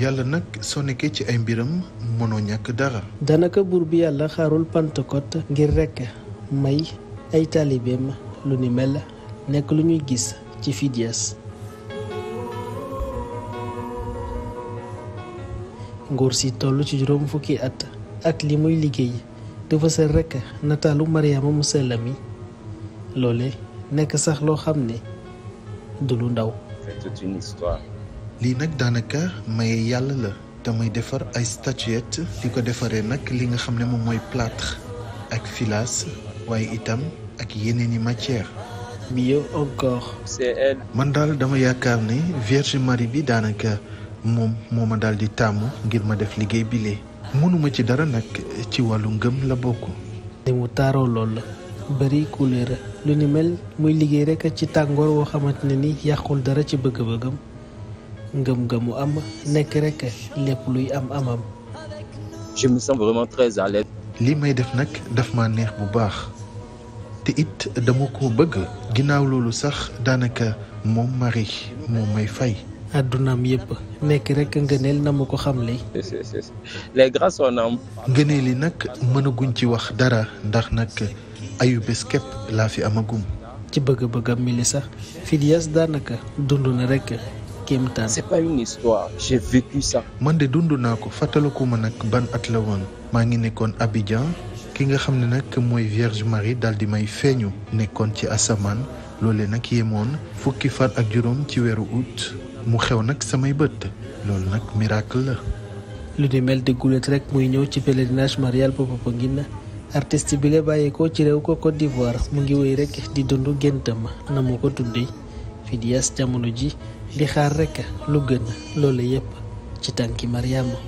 yàlla nag soo nekkee ci ay mbiram mënoo ñàkk dara. danaka buur bi yàlla xaarul Pentecôte ngir rekk may ay taalibeem lu ni mel nekk lu ñuy gis ci Fidias. nguur si toll ci juróom fukki at ak li muy liggéey dafa sel sax loo xam ne du ndaw. lii nag daanaka maye yàlla la damay defar ay statuette di ko defaree nag li nga xam ne moom mooy plâtre ak filasse waaye itam ak yeneen i matière mieux man daal dama yaakaar ne Vierge Marie bi daanaka moom moo ma daal di tàmm ngir ma def liggéey bile mënuma ci dara nag ci wàllu ngëm la bokk. ni mu taaroo lool la. bëri couleur lu ni mel muy liggéey rek ci tàngoor woo ne ni yàqul dara ci bëgg-bëggam. ngëm mu am nekk rek lépp luy am amam. je me sens li may def nag daf ma neex bu baax te it dama ko bëgg ginnaaw loolu sax daanaka moom mari moo may fay. àddunaam yëpp nekk rek ngëneel na mu ko xamle. les grâces on am. ngëneel yi nag mënaguñ ci wax dara ndax nag ayu bés képp laa fi amagum. ci bëgg-bëggam mi li daanaka dund na rek kéemtaan. c'est pas une histoire man de dund naa ko fàttaliku ma nag ban at la woon maa ngi nekkoon Abidjan ki nga xam ne nag mooy Vierge Marie daal di may feeñu nekkoon ci asamaan loole nag yemoon fukki fan ak juróom ci weeru août mu xew nag samay bët loolu nag miracle la. lu di mel déggulet rek muy ñëw ci pèlerinage marial bu Popenguine artiste bi la bàyyeekoo ci réew ko Côte d'Ivoire mu ngi wéy rek di dund géntam na mu ko tuddee. Fidias jamono ji li xaar rekk lu gën loolu yépp ci tànki Mariama